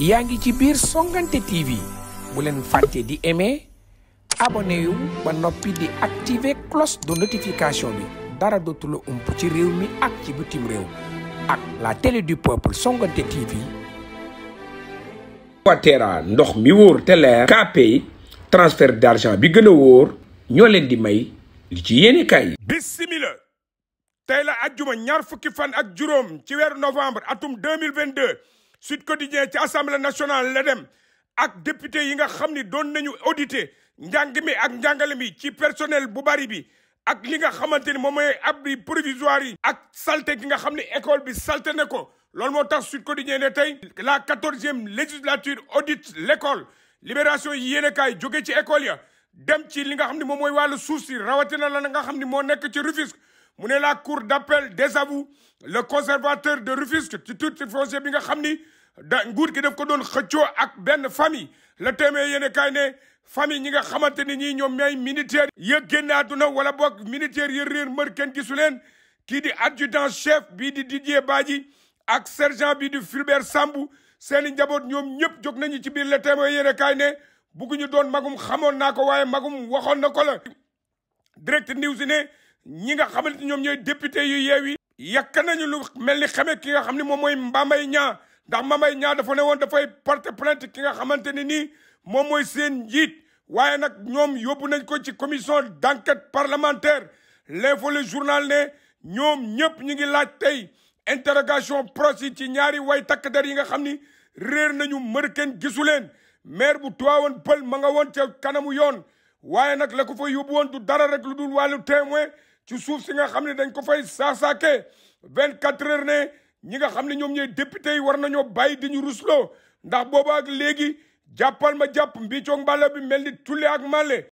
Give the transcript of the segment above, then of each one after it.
yaa ngi ci biir Songuanté TV bu leen fàtte di emee abonné ba noppi di activer cloche de notification bi dara dootu la ump ci réew mi ak ci butim réew ak la télé du peuple Songuanté TV. Aquaterra ndox mi wóor te leer. KPay transfert d'argent bi gën a wóor ñoo leen di may li ci yéene kay. bisimila tey la ajjuma ñaar fukki fan ak juróom ci weer novembre atum deux mille vingt-deux Sud Quotidien ci assemblée nationale la dem ak député yi nga xam ni doon nañu audité njàng mi ak njàngale mi ci personnel bu bari bi ak li nga xamante ni moom mooy abri provisoire yi. ak salte gi nga xam ni école bi salte ne ko loolu moo tax Sud Quotidien ne tey la quatorzième législature audite l'école libération yi yéen a kaay jóge ci école ya dem ci li nga xam ni moom mooy wàllu suuf si rawatina la nga xam ni moo nekk ci Rufisque mu ne la cour d'appel désavoue le conservateur de Rufisque ci titre foncier bi nga xam ni. da nguur gi daf ko doon xëccoo ak benn famille la téeméer yene kay ne famille ñi nga xamante ni ñii ñoom ñooy militaire ya génn àdduna wala bok militaire ya réer mër kenn gisu leen kii di adjudant chef bii di Didier Badji ak sergent bii di Fulbert Sambou seeni njaboot ñoom ñëpp jóg nañu ci biir la téeméer yéen kay ne bugguñu doon magum xamoon naa ko waaye magum waxoon na ko la direct news ne ñi nga xamante ñoom ñooy député yu yeew yi yàkk nañu lu mel ni xame ki nga xam ne moom mooy Mbaye Niang ndax mamay ñaa dafa ne woon dafay porter plainte ki nga xamante ne nii moom mooy seen njiit waaye nag ñoom yóbbu nañ ko ci commission d'enquête parlementaire l'info le journal ne ñoom ñëpp ñu ngi laaj tey interrogation procès ci ñaari way takk yi nga xam ni réer nañu mër kenn gisu leen maire bu tuwaawoon pël ma nga woon ca kanamu yoon waaye nag la ko fa yóbbu woon du dara rek lu dul wàllu témoin ci suuf si nga xam ne dañ ko fay saasaake 24 heures ne ñi nga xam ne ñoom ñooy député yi war nañoo bàyyi di ñu rusloo ndax booba ak léegi jàppal ma jàpp mbiicoog mbàlla bi mel ni tulle ak màlle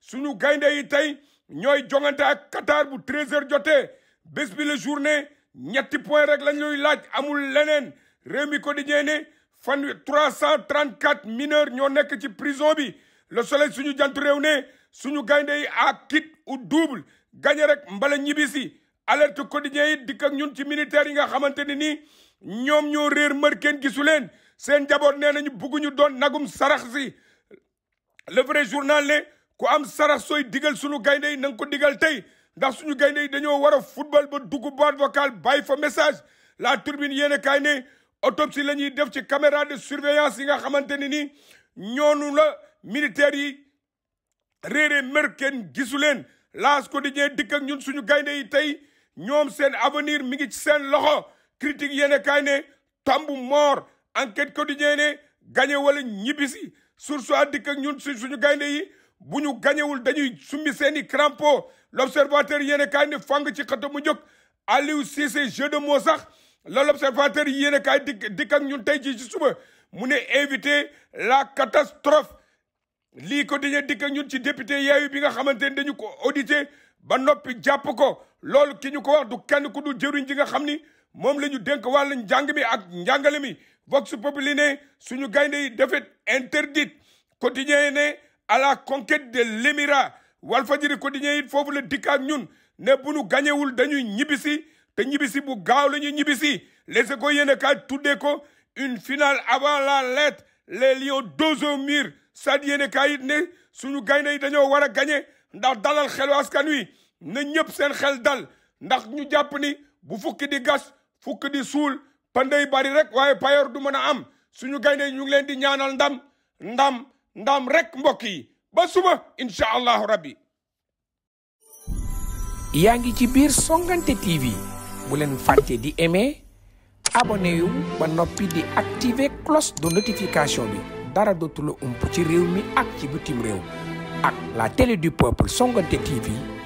suñu gaynde yi tey ñooy jongante ak Qatar bu 13h jotee bés bi le journée ñetti point rek lañ ñuy laaj amul leneen réew mi quotidien ne fan cent 334 mineurs ñoo nekk ci prison bi le soleil suñu jant réew ne suñu gaynde yi à quitte ou double gagné rek mbala ñibbisi alerte quotidien it dikk ak ñun ci militaires yi nga xamante ne nii ñoom ñoo réer mër kenn gisu leen seen njaboot nee nañu bugguñu doon nagum sarax si le vrai journal ne ku am sarax soy digal suñu gaynde yi na nga ko digal tey ndax suñu gaynde yi dañoo war a football ba dugg boîte vocale bàyyi fa message la turbine yéen kaay ne autopsie la ñuy def ci caméra de surveillance yi nga xamante ne nii ñoonu la militaires yi réeree mër kenn gisu leen laas quotidien dikk ak ñun suñu gaynde yi tey ñoom seen avenir mi ngi ci seen loxo critique yéene kaay ne tambu moor enquête quotidien ne gañe wala ñibbisi a dikk ñun ñun suñu gaynde yi bu ñu gañewul dañuy summi seeni crampo l'observateur yene kaay ne fang ci xata mu jóg Aliou Cissé jeu de mots sax la l'observateur yéene kaay dikk dikk ak ñun tey ci ci suba mu ne éviter la catastrophe lii ko dañu dikk ñun ci député yaayu bi nga xamante ne dañu ko audité ba noppi jàpp ko loolu ki ñu ko wax du kenn ku dul jëriñ ji nga xam ni moom la ñu dénk wàllu njàng mi ak njàngale mi vox populi ne suñu gaynde yi défaite interdite quotidien yi ne à la conquête de l'émirat walfajiri quotidien yi foofu la dikk ak ñun ne bu nu gañewul dañuy ñibbisi te ñibbisi bu gaaw la ñuy ñibbisi ko échos yéen a kaay tuddee ko une finale avant la lettre les lions dos au mur sad yéen a ne suñu gaynde yi dañoo war a gañe ndax dalal xelu kan wi na ñëpp seen xel dal ndax ñu jàpp ni bu fukki di gas fukki di suul panday bari rek waaye payoor du mën a am suñu gaynde ñu leen di ñaanal ndam ndam ndam rek mbokk yi ba suba incha allahu rabbi yaa ngi ci biir Songuanté TV bu leen fàtte di aimer abonné yu ba noppi di activer cloche de notification bi dara dootu la ump ci réew mi ak ci bitim réew ak la télé du peuple Songuanté TV